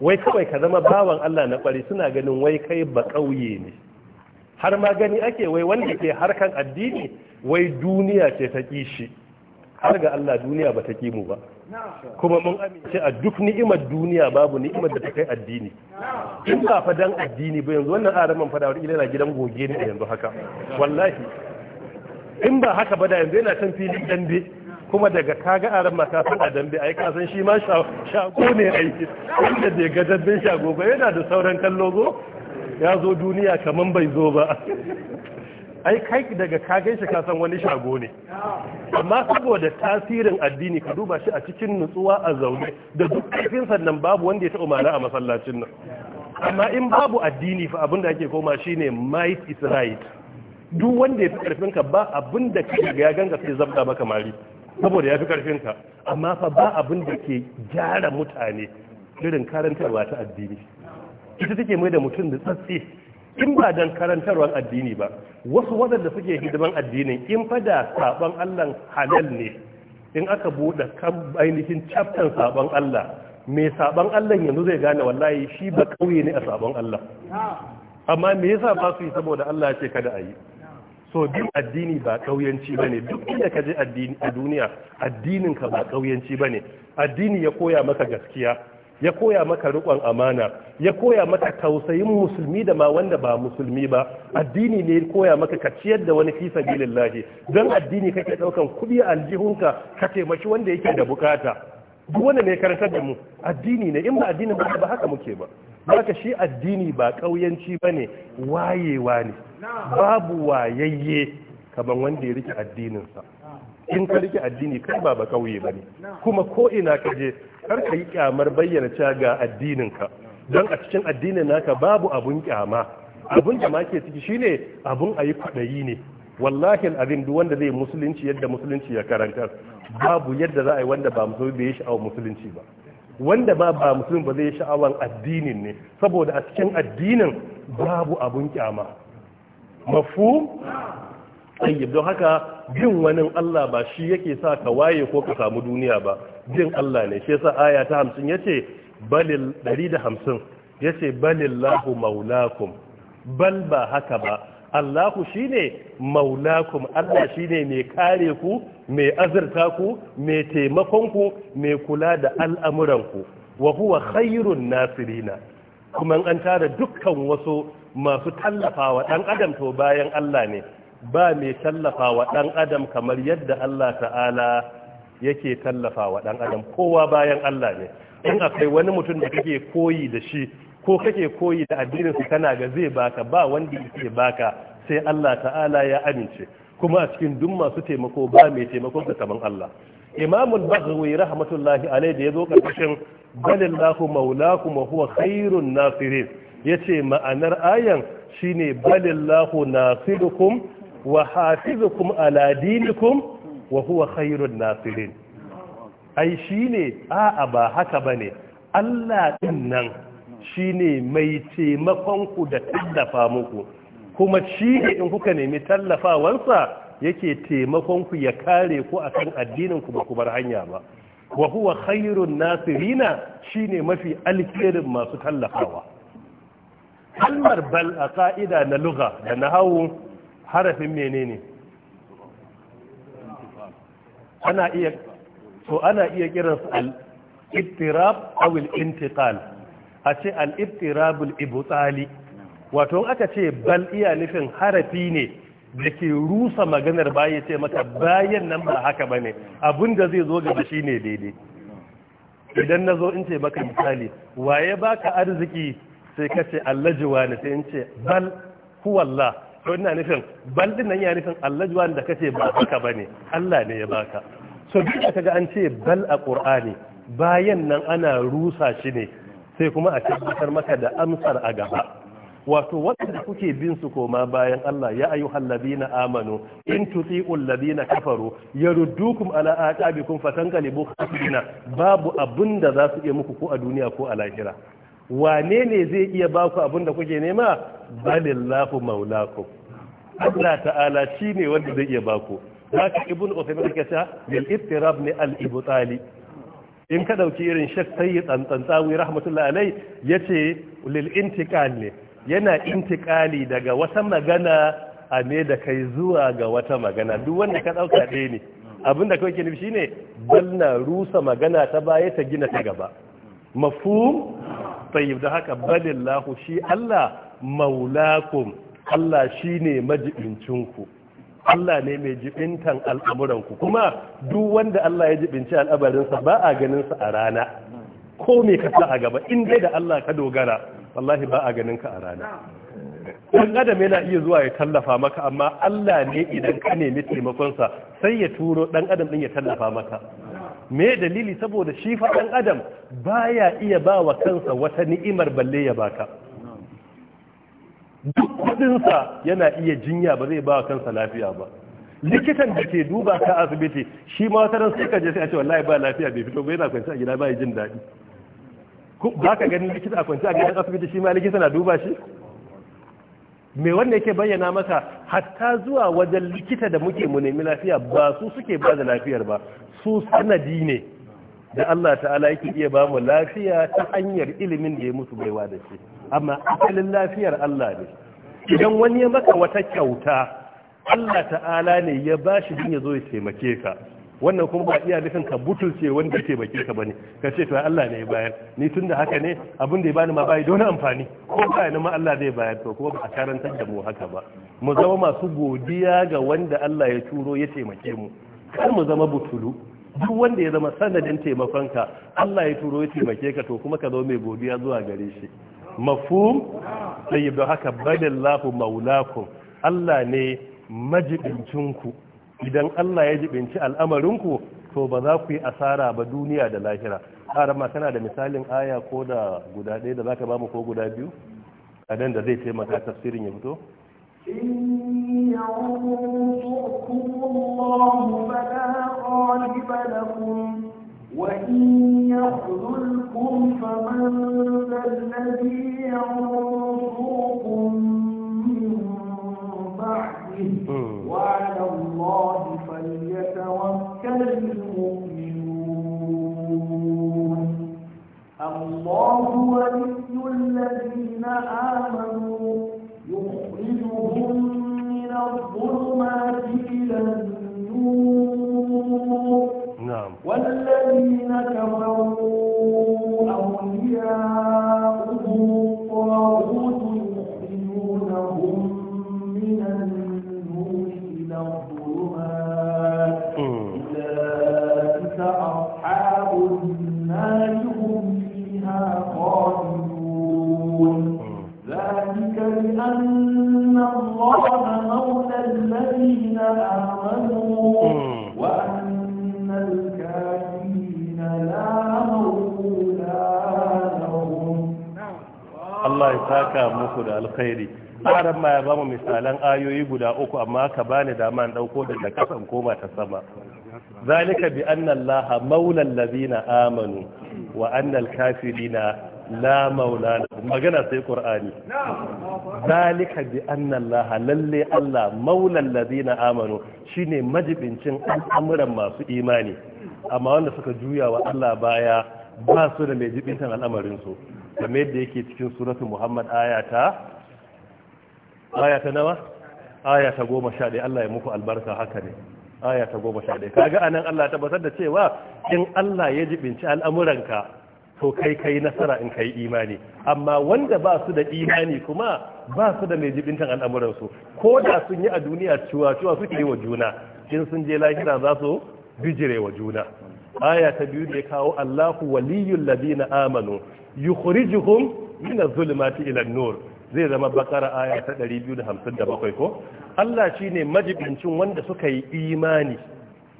wai kawai ka zama bawan Allah na ƙwari suna ganin wai kai ba ƙauye ne har ma gani ake wai wanda ke harkan addini wai duniya ce ta ƙi shi. har ga Allah duniya ba ta ƙi mu ba kuma mun amince a duk ni'imar duniya babu ni'imar da ta kai addini in ba fa dan addini ba yanzu wannan araman fada wani ila gidan goge ne a yanzu haka wallahi in ba haka ba da yanzu yana can filin dambe kuma daga kaga aran mata sun a dambe ai ka san shi ma shago ne aiki wanda da ga damben shago ba yana da sauran kallo go ya zo duniya kaman bai zo ba ai kai daga ka kagan shi kasan wani shago ne amma saboda tasirin addini ka duba shi a cikin nutsuwa a zaune da duk kafin sannan babu wanda ya taɓa mana a masallacin nan amma in babu addini fa abinda ake koma shine might is right duk wanda ya fi ƙarfinka ba abinda ka ga ganga sai zabda maka mari saboda ya fi ka amma fa ba abin da ke gyara mutane irin karantarwa ta addini ita take mai da mutum da tsatsi in ba dan karantarwar addini ba wasu waɗanda suke hidiman addinin in fa da saban Allah halal ne in aka buɗe kan ainihin chapter saban Allah mai saban Allah yanzu zai gane wallahi shi ba kauye ne a saban Allah amma me yasa ba su yi saboda Allah ce kada a yi so duk addini ba kauyanci bane duk inda ka je addini a duniya addinin ka ba kauyanci bane addini ya koya maka gaskiya ya koya maka rikon amana ya koya maka tausayin musulmi da ma wanda ba musulmi ba addini ne koya maka ka ciyar da wani fi sabilillahi don addini kake daukan kudi a aljihunka ka taimaki wanda yake da bukata duk wanda ne karantar da mu addini ne in ba addinin ba ba haka muke ba haka shi addini ba kauyanci bane wayewa ne babu wayayye kamar wanda ya rike addininsa in ka rike addini kai ba ba kauye ne kuma ko ina ka je kar ka yi kyamar bayyana cewa ga addinin ka don a cikin addinin naka babu abun kyama abun da ke ciki shine abun ayi kwadayi ne wallahi abin duk wanda zai musulunci yadda musulunci ya karantar babu yadda za a yi wanda ba musulmi bai sha'awar musulunci ba wanda ba ba musulmi ba zai sha'awar addinin ne saboda a cikin addinin babu abun kyama mafhum tsayyib don haka jin wani Allah ba shi yake sa ka waye ko ka samu duniya ba jin Allah ne shi yasa aya ta 50 yace balil 150 yace balillahu maulakum bal ba haka ba Allahu shine maulakum Allah shine mai kare ku mai azurta ku mai taimakon ku mai kula da al'amuran ku wa huwa khairun nasirina kuma an tara dukkan wasu masu tallafawa dan adam to bayan Allah ne ba mai tallafa wa ɗan adam kamar yadda Allah ta'ala yake tallafa wa ɗan adam kowa bayan Allah ne in akwai wani mutum da kake koyi da shi ko kake koyi da addininsa kana ga zai baka ba wanda yake baka sai Allah ta'ala ya amince kuma a cikin duk masu taimako ba mai taimako ga kaman Allah imamul baghawi rahmatullahi alai da ya zo karkashin balillahu maulakum wa huwa khairun nasirin yace ma'anar ayan shine balillahu nasirukum wa hafizukum ala dinikum wa huwa khairun nasirin ai shine a'a ba haka bane Allah din nan shine mai taimakon ku da tallafa muku kuma shi in kuka nemi tallafawansa yake taimakon ku ya kare ku akan addinin ku ba ku bar hanya ba wa huwa khairun nasirina shine mafi alkhairin masu tallafawa kalmar bal a ka'ida na lugha da na nahawu harafin menene ana iya to ana iya kiransu al-ittirab aw al-intiqal a ce al-ittirab al-ibtali wato aka ce bal iya nufin harafi ne dake rusa maganar baya ce maka bayan nan ba haka bane da zai zo gaba shine daidai idan na zo in ce maka misali waye baka arziki sai kace ce Allah sai in ce bal huwallah to ina nufin bandin nan ya nufin allajuwan da kace ba haka ne Allah ne ya baka so duk da kaga an ce bal a qur'ani bayan nan ana rusa shi ne sai kuma a tabbatar maka da amsar a gaba wato waɗanda kuke bin su koma bayan Allah ya ayu halladina amanu in tuti'ul ladina kafaru yaruddukum ala aqabikum fatanqalibu khasina babu abinda za su iya muku ko a duniya ko a lahira wane ne zai iya ba ku abin da kuke nema balillahu maulakum Allah ta'ala shi ne wanda zai iya ba ku haka ibn Uthaymeen yake cewa bil ittirab ni al ibtali in ka dauki irin shek sayyi tsantsan rahmatullahi alai yace lil intiqal ne yana intiqali daga wata magana a ne da kai zuwa ga wata magana duk wanda ka dauka ɗaya ne abinda kawai ke nufi shine balla rusa magana ta baya ta gina ta gaba mafhum tayyib da haka balillahu shi Allah maulakum Allah shi ne majibincinku Allah ne mai jibintan al'amuranku kuma duk wanda Allah ya jibinci al'abarinsa ba a ganin sa a rana ko me ka sa a gaba in dai da Allah ka dogara wallahi ba a ganin ka a rana dan adam yana iya zuwa ya tallafa maka amma Allah ne idan ka nemi taimakonsa sai ya turo dan adam din ya tallafa maka me dalili saboda shi faɗin adam baya iya ba wa kansa wata ni'imar balle ya baka duk kudinsa yana iya jinya ba zai ba wa kansa lafiya ba likitan da ke duba ka asibiti shi ma wata ran sai ka je sai a ce wallahi ba lafiya bai fito ba yana kwanci a gida ba ya jin daɗi ba ka ganin likita a kwanci a gidan asibiti shi ma likita na duba shi me wanda yake bayyana maka hatta zuwa wajen likita da muke mu nemi lafiya ba su suke ba da lafiyar ba su sanadi ne da Allah ta'ala yake iya ba mu lafiya ta hanyar ilimin da ya musu baiwa da shi amma asalin lafiyar Allah ne idan wani ya maka wata kyauta Allah ta'ala ne ya bashi din ya zo ya taimake ka wannan kuma ba iya nufin ka butulce wanda ya baki ka ne. ka ce to Allah ne ya bayar ni tun da haka ne abin da ya bani ma bai don amfani ko ba ni ma Allah zai bayar to kuma ba a karantar da mu haka ba mu zama masu godiya ga wanda Allah ya turo ya taimake mu kar mu zama butulu duk wanda ya zama sanadin taimakon ka Allah ya turo ya taimake ka to kuma ka zama mai godiya zuwa gare shi mafhum sai haka badallahu maulakum Allah ne majibincinku idan Allah ya jibinci al'amarinku to ba za ku yi asara ba duniya da lahira ma kana da misalin aya ko da guda ɗaya da za ka ba mu ko guda biyu a da zai taimaka tafsirin ya fito إن alkhairi tsarin ma ya ba mu misalan ayoyi guda uku amma ka bani dama in dauko daga kasan koma ta sama zalika bi anna allah maula amanu wa anna alkafirina la maula magana sai qur'ani zalika bi anna allah lalle allah maula allazina amanu shine majibincin al'amuran masu imani amma wanda suka juya wa Allah baya ba su da mai al'amarinsu. al'amarin su kamar yadda yake cikin suratul muhammad ayata aya ta nawa aya ta goma sha ɗaya Allah ya muku albarka haka ne aya ta goma sha ɗaya kaga anan Allah ta basar da cewa in Allah ya jibinci al'amuranka to kai kai nasara in kai imani amma wanda ba su da imani kuma ba su da mai jibintan al'amuransu ko da sun yi a duniya cewa-cewa cewa suke yi wa juna in sun je lahira za su bijire wa juna aya ta biyu da ya kawo Allahu waliyul ladina amanu yukhrijuhum min adh-dhulumati ila an-nur zai zama bakara aya ta 257 ko Allah shine majibincin wanda suka yi imani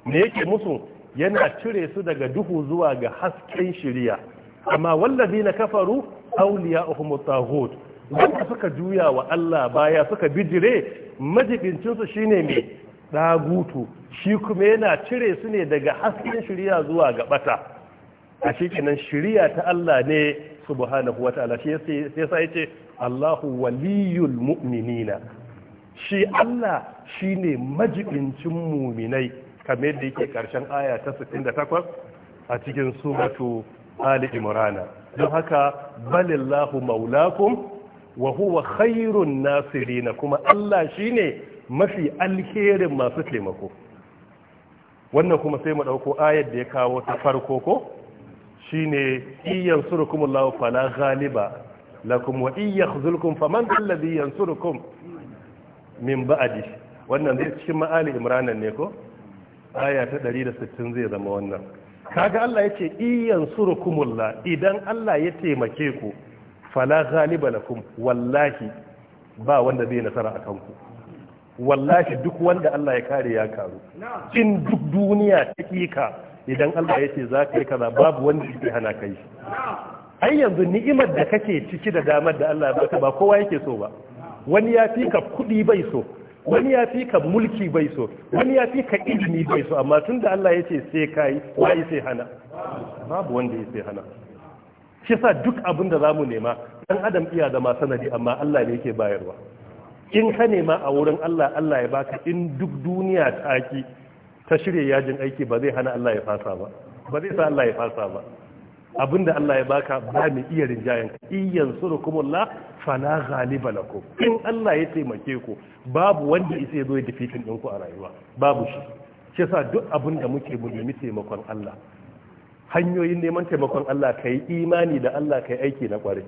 me yake musu yana cire su daga duhu zuwa ga hasken shiriya amma wallazina kafaru Auliya taghut wanda suka juya wa Allah baya suka bijire majibincin su shine me dagutu shi kuma yana cire su ne daga hasken shiriya zuwa ga bata a shi kenan shiriya ta Allah ne subhanahu wataala shi yasa yace Allahu ولي mu'minina shi Allah shine majibincin muminai kamar da yake karshen aya ta 68 a cikin suratu Ali Imran don haka balillahu maulakum wa huwa khairun nasirin kuma Allah shine mafi alherin masu taimako wannan kuma sai mu dauko ayar da ya kawo ta farko ko shine iyan surukumullahu fala ghaliba lakum wa in yakhzulkum faman alladhi yansurukum min ba'di wannan zai cikin ma'ali imrana ne ko aya ta 160 zai zama wannan kaga Allah yace in yansurukumullah idan Allah ya taimake ku fala ghaliba lakum wallahi ba wanda zai nasara akan ku wallahi duk wanda Allah ya kare ya karu cin duk duniya ta idan Allah ya ce za ka yi kaza babu wanda zai hana kai ai yanzu ni'imar da kake ciki da damar da Allah ya baka ba kowa yake so ba wani ya fi ka kuɗi bai so wani ya fi ka mulki bai so wani ya fi ka ilimi bai so amma tun da Allah ya ce sai kai, wai sai hana babu wanda ya sai hana shi sa duk abin da zamu nema dan adam iya zama sanadi amma Allah ne yake bayarwa in ka nema a wurin Allah Allah ya baka in duk duniya ta ki ta shirye yajin aiki ba zai hana Allah ya fasa ba ba zai sa Allah ya fasa ba da Allah ya baka ba mai iya rinjayen ka iyan surukumullah fala ghaliba lakum in Allah ya taimake ku babu wanda isa zo ya defeatin din ku a rayuwa babu shi shi yasa duk abinda muke mu nemi taimakon Allah hanyoyin neman taimakon Allah kai imani da Allah kai aiki na kware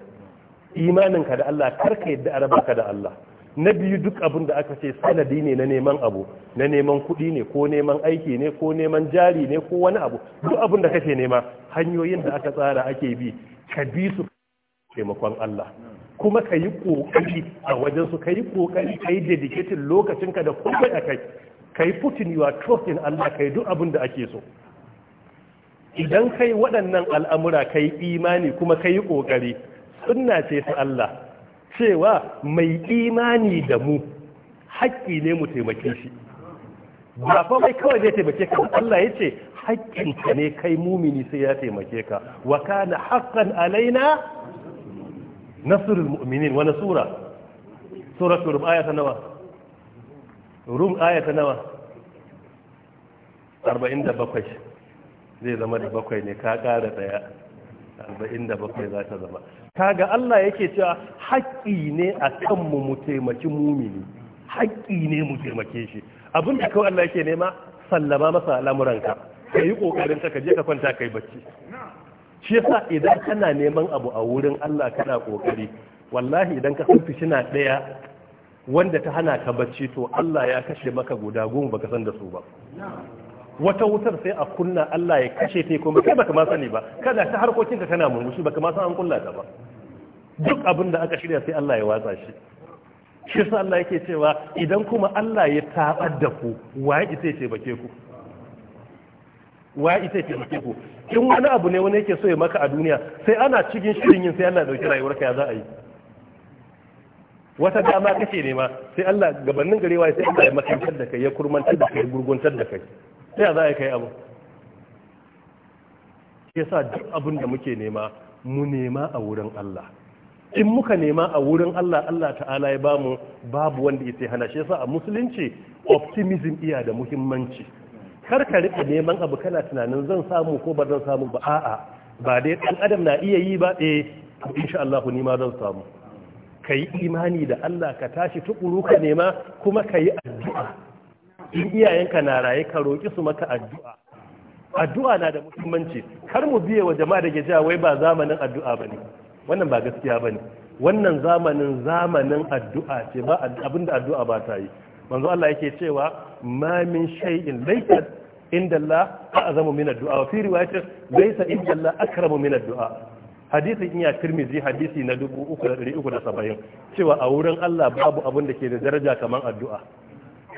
imanin ka da Allah kar ka yadda arabaka da Allah na biyu duk abin da aka ce sanadi ne na neman abu na neman kuɗi ne ko neman aiki ne ko neman jari ne ko wani abu duk abin da kake nema hanyoyin da aka tsara ake bi ka bi su taimakon Allah kuma ka yi ƙoƙari a wajen su ka yi ƙoƙari ka yi dedicated ka da komai a kai ka yi putin your trust Allah ka yi duk abin da ake so idan kai waɗannan al'amura ka imani kuma ka yi ƙoƙari sunna ce su Allah cewa mai imani da mu haƙƙi ne mu taimake shi ba fa mai kawai zai taimake ka Allah ya ce haƙƙinka ne kai mumini sai ya taimake ka wa kana haqqan alaina nasrul mu'minin wa nasura suratul rum ayata nawa rum ayata nawa 47 zai zama da bakwai ne ka ƙara daya 47 za ta zama kaga Allah yake cewa haƙƙi ne a kanmu mu taimaki mumini haƙƙi ne mu taimake shi abin da kawai Allah yake nema sallama masa al'amuranka ka yi ƙoƙarin ka je ka kwanta kai bacci shi yasa idan kana neman abu a wurin Allah kana ƙoƙari wallahi idan ka san na ɗaya wanda ta hana ka bacci to Allah ya kashe maka guda goma baka san da su ba wata wutar sai a kunna Allah ya kashe ta kuma kai baka ma sani ba kana ta harkokinka kana murmushi baka ma san an kulla ta ba duk abin da aka shirya sai Allah ya watsa shi shi sa Allah yake cewa idan kuma Allah ya tabar da ku waye ita ce bake ku waye ita ce bake ku in wani abu ne wani yake so ya maka a duniya sai ana cikin shirin yin sai Allah ya dauki rayuwarka ya za a yi wata dama ne nema sai Allah gabanin garewa sai Allah ya makantar da kai ya kurmantar da kai gurguntar da kai sai ya za a kai abu shi yasa duk abin da muke nema mu nema a wurin Allah in muka nema a wurin Allah Allah ta'ala ya bamu babu wanda ya hana shi yasa a musulunci optimism iya da muhimmanci kar ka rika neman abu kana tunanin zan samu ko ba zan samu ba a'a ba dai dan adam na iya yi ba eh insha Allah ni ma zan samu kai imani da Allah ka tashi tukuru ka nema kuma ka yi addu'a in iyayenka na raye ka roki su maka addu'a addu'a na da muhimmanci kar mu biye wa jama'a da ke wai ba zamanin addu'a bane wannan ba gaskiya ba ne. wannan zamanin zamanin addu'a ce ba abinda addu'a ba ta yi manzo Allah yake cewa ma min shay'in laysa inda Allah a'zamu min addu'a wa fi zai laysa inda Allah akramu min addu'a hadisin iya Tirmidhi hadisi na 3370 cewa a wurin Allah babu abin da ke da daraja kamar addu'a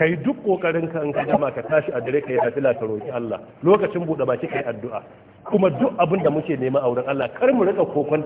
kai duk kokarin ka in ka gama ka tashi a dare kai nafila ka roƙi Allah lokacin buɗe baki kai addu'a kuma duk abin da muke nema a wurin Allah kar mu rika kokon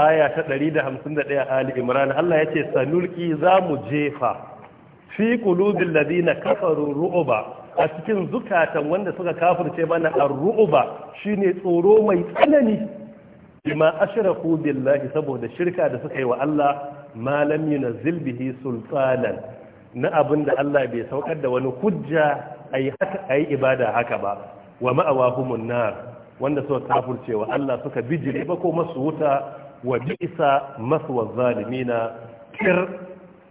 aya ta ɗari da ɗaya ali imran Allah yace za zamu jefa fi qulubil ladina kafaru ru'ba a cikin zukatan wanda suka kafirce mana ar shi shine tsoro mai tsanani bima ashraku billahi saboda shirka da suka yi wa Allah malam lam yunzil bihi sultanan na abinda Allah bai saukar da wani hujja ai haka ibada haka ba wa ma'awahumun nar wanda suka kafirce wa Allah suka bijire ba ko masu wuta wa bi'sa maswa na kir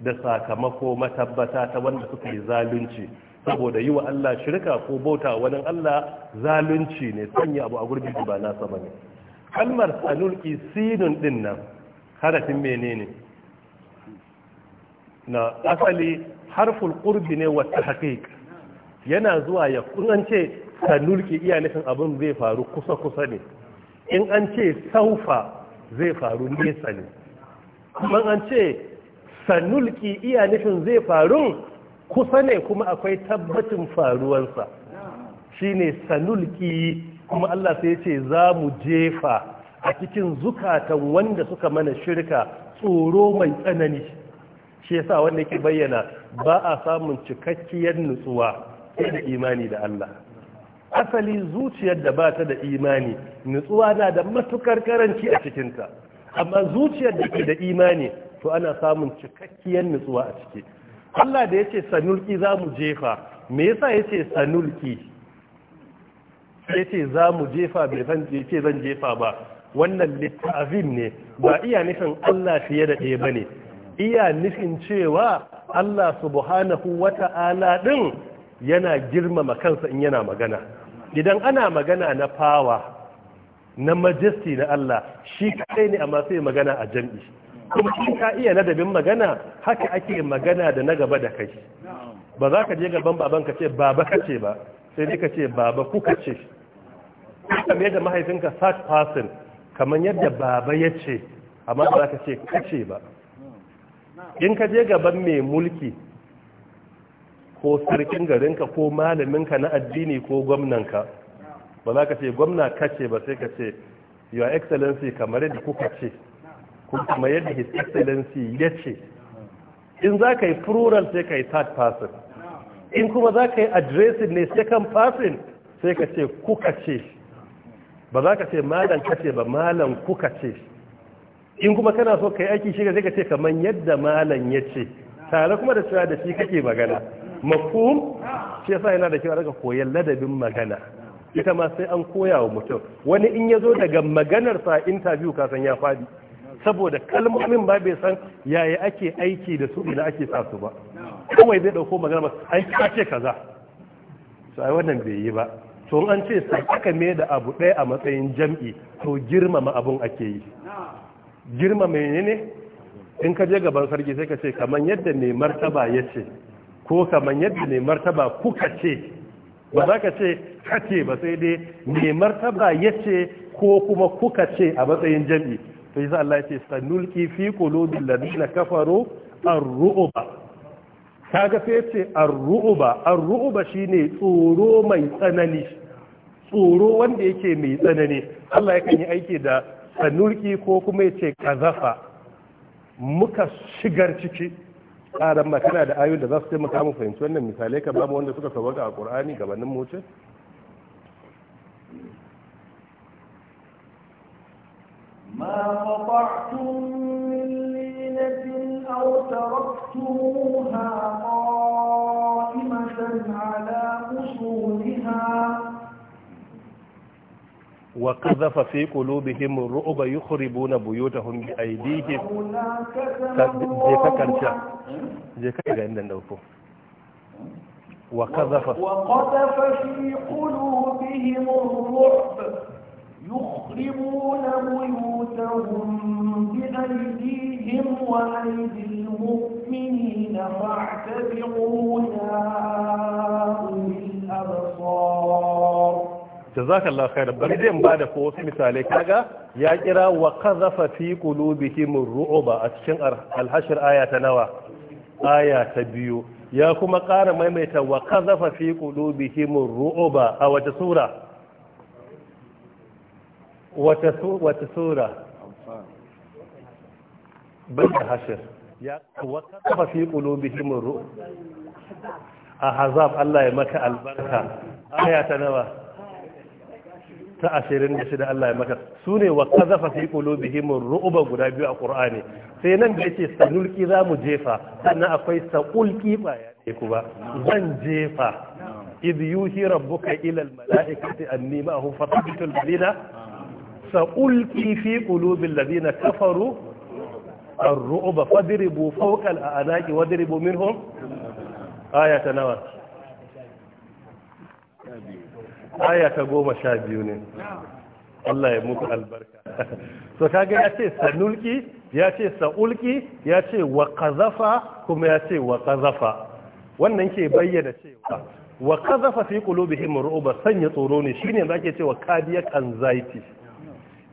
da sakamako matabbata ta wanda suka yi zalunci saboda yi wa Allah shirka ko bauta wani Allah zalunci ne sanya abu a gurbin ba na nasa bane kalmar sanul sinun din harafin menene na asali harful qurbi ne wa tahqiq yana zuwa ya kun ce sanulki iya nufin abin zai faru kusa kusa ne in an ce saufa zai faru nesa ne kuma an ce sanulki iya nufin zai faru kusa ne kuma akwai tabbacin faruwansa shine sanulki kuma Allah sai ce za mu jefa a cikin zukatan wanda suka mana shirka tsoro mai tsanani shi yasa wanda yake bayyana ba a samun cikakkiyar nutsuwa da imani da Allah asali zuciyar da ba ta da imani nutsuwa na da matukar karanci a cikinta amma zuciyar da ke da imani to ana samun cikakkiyar nutsuwa a ciki Allah da yace sanulki za jefa me yasa yace sanulki zamu jefa bai san zan jefa ba wannan littafin ne ba iya nufin Allah fiye da ɗaya ba iya nufin cewa Allah subhanahu wata'ala din yana girmama kansa in yana magana idan ana magana na fawa na Majesti na Allah shi kai ne amma sai magana a jam'i kuma shi ka iya ladabin magana haka ake magana da na gaba da kai ba za ka je gaban baban ka ce baba ka ce ba sai dai ka ce baba kuka ce kamar yadda mahaifinka third person kamar yadda baba ya ce amma ba za ka ce ce ba in ka je gaban mai mulki ko sarkin garinka ko malaminka na addini ko gwamnanka ba za ka ce gwamna kace ba sai ka ce your excellency kamar yadda kuka ce kuma yadda his excellency ya ce in za ka yi plural sai ka yi third person in kuma za ka yi addressing ne second person sai ka ce kuka ce ba za ka ce malam kace ba malam kuka ce in kuma kana so ka yi aiki shi sai ka ce kamar yadda malam ya ce tare kuma da cewa da shi kake magana mafhum shi yasa yana da kyau daga koyan ladabin magana ita ma sai an koya wa mutum wani in ya zo daga sa interview kasan ya fadi saboda kalmomin ba bai san yaya ake aiki da su ina ake sa su ba kawai zai dauko magana ba an ce kaza to ai wannan bai yi ba to an ce sai aka me da abu ɗaya a matsayin jam'i to girmama abun ake yi girmama menene in ka je gaban sarki sai ka ce kamar yadda mai martaba ya ce ko kamar yadda ne martaba kuka ce ba za ka ce kace ba sai dai mai martaba ya ce ko kuma kuka ce a matsayin jam'i to yi Allah ya ce sanulki fi qulubil kafaro kafaru ba. Ta ga sai ce ar-ru'ba ba shi shine tsoro mai tsanani tsoro wanda yake mai tsanani Allah yakan yi aiki da sanulki ko kuma yace kazafa muka shigar ciki ƙaran ma tana da ayoyin da za su taimaka mu fahimci wannan misalai ka babu wanda suka sauwaka a ƙur'ani gabanin mu wuce ma قطعتم من وقذف في قلوبهم الرعب يخربون بيوتهم بأيديهم عند النوفو وقذف وقذف في قلوبهم الرعب يخربون بيوتهم بأيديهم وأيدي المؤمنين فاعتبروا يا أولي الأبصار jazakallahu khairan bari zan ba da wasu misalai kaga ya kira wa qadhafa fi qulubihim ar-ru'ba a cikin al-hashr aya ta nawa aya ta biyu ya kuma ƙara maimaita wa qadhafa fi qulubihim ar-ru'ba a wata sura wata wata sura da hashir ya wa qadhafa fi qulubihim ar-ru'ba a hazab Allah ya maka albarka aya ta nawa ta ashirin da shida Allah ya maka su ne wa kazafa fi qulubihim ru'ba guda biyu a Qur'ani sai nan da yake sanulki za mu jefa sannan akwai saqulki ba ya ku ba zan jefa id yuhi rabbuka ila al mala'ikati anni ma'ahu fatabitul ladina saqulki fi qulubil ladina kafaru ar a fadribu fawqa al-a'naqi wadribu minhum aya ta nawa aya ta goma sha biyu ne Allah ya muku albarka so kaga ya ce sanulki ya ce sa'ulki ya ce wa qazafa kuma ya ce wa qazafa wannan ke bayyana cewa wa qazafa fi qulubihim ru'ba sanya tsoro ne shine ba ake cewa cardiac anxiety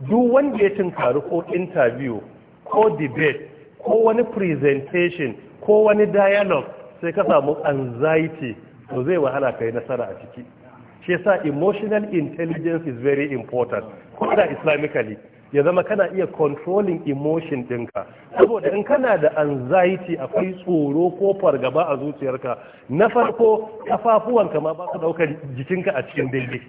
duk wanda ya tinkari ko interview ko debate ko wani presentation ko wani dialogue sai ka samu anxiety to zai wahala ka yi nasara a ciki shi yasa emotional intelligence is very important ko da islamically ya zama kana iya controlling emotion ɗinka saboda in kana da anxiety akwai tsoro ko fargaba a zuciyarka na farko kafafuwanka ma ba su ɗaukar jikinka a cikin daidai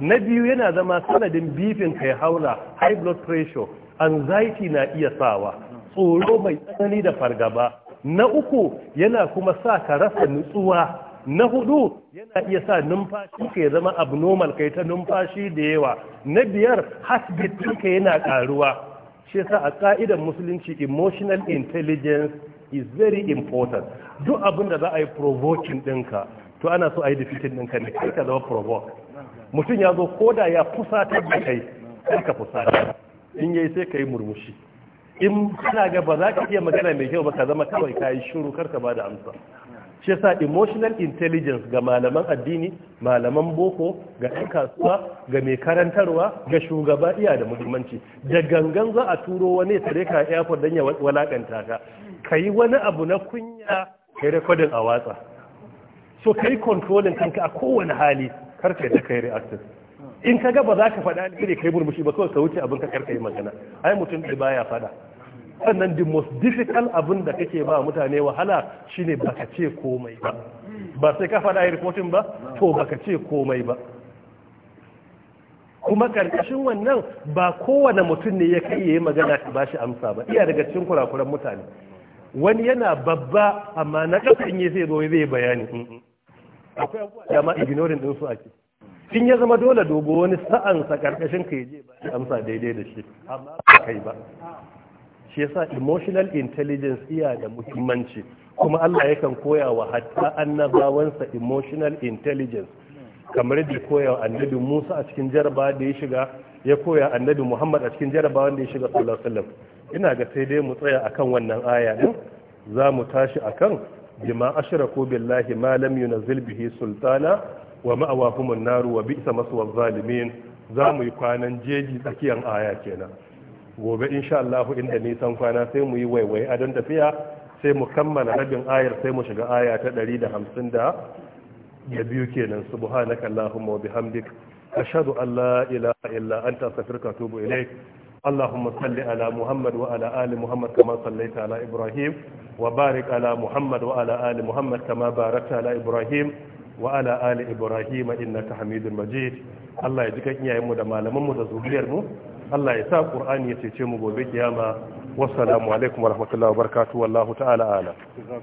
na biyu yana zama sanadin bifin kai haura high blood pressure anxiety na iya sawa tsoro mai tsanani da fargaba na uku yana kuma sa ka rasa nutsuwa na hudu yana iya sa numfashi ke zama abnormal kai ta numfashi da yawa na biyar heartbeat ɗinka yana ƙaruwa shi yasa a ƙa'idar musulunci emotional intelligence is very important duk abin da za a yi provoking ɗinka to ana so a yi defeating ɗinka ne kai ka zama provoke mutum ya zo ko da ya fusata da kai kai ka fusata in yayi sai ka yi murmushi in kana ga ba za ka iya magana mai kyau ba ka zama kawai ka yi shiru kar ka ba da amsa shi yasa emotional intelligence ga malaman addini malaman boko ga 'yan kasuwa ga mai karantarwa ga shugaba iya da muhimmanci da gangan za a turo wani tare ka airport don ya walakanta ka ka yi wani abu na kunya kai rekodin a watsa so ka yi controlling kanka a kowane hali karka da kai reactive in ka ga ba za ka faɗa alheri kai murmushi ba kawai ka wuce abin ka karka yi magana ai mutum da baya faɗa sannan the most difficult abin da kake ba mutane wahala shine baka ce komai ba ba sai ka faɗa reporting ba to baka ce komai ba kuma karkashin wannan ba kowane mutum ne ya kai yayi magana ka bashi amsa ba iya daga cikin kurakuran mutane wani yana babba amma na kasan in yi sai zo zai bayani akwai abubuwa da ma ignoring din su ake in ya zama dole dogo wani sa'an sa karkashin ka yaje ba amsa daidai da shi amma ba kai ba shi yasa emotional intelligence iya da muhimmanci kuma Allah yakan koya wa hatta annabawansa emotional intelligence kamar da koya wa annabi Musa a cikin jaraba da ya shiga ya koya annabi Muhammad a cikin jaraba wanda ya shiga sallallahu alaihi ina ga sai dai mu tsaya akan wannan aya din za mu tashi akan bima ashraku billahi ma lam yunzil bihi sultana wa ma'awahumun naru wa bi'sa masu zalimin za mu yi kwanan jeji tsakiyar aya kenan gobe insha Allah inda nisan kwana sai mu yi waiwai don tafiya sai mu kammala rabin ayar sai mu shiga aya ta 150 da ya biyu kenan subhanaka allahumma wa bihamdik ashhadu an la ilaha illa anta astaghfiruka wa atubu ilaik اللهم صل على محمد وعلى آل محمد كما صليت muhammad إبراهيم وبارك على محمد وعلى آل محمد كما باركت على إبراهيم وعلى آل إبراهيم إنك حميد مجيد الله يجزيك da مدمع da متزوجير Allah ya sa ƙur'ani ya cece mu gobe kiyama wassalamu alaikum warahmatullahi wabarakatuh wallahu ta'ala ala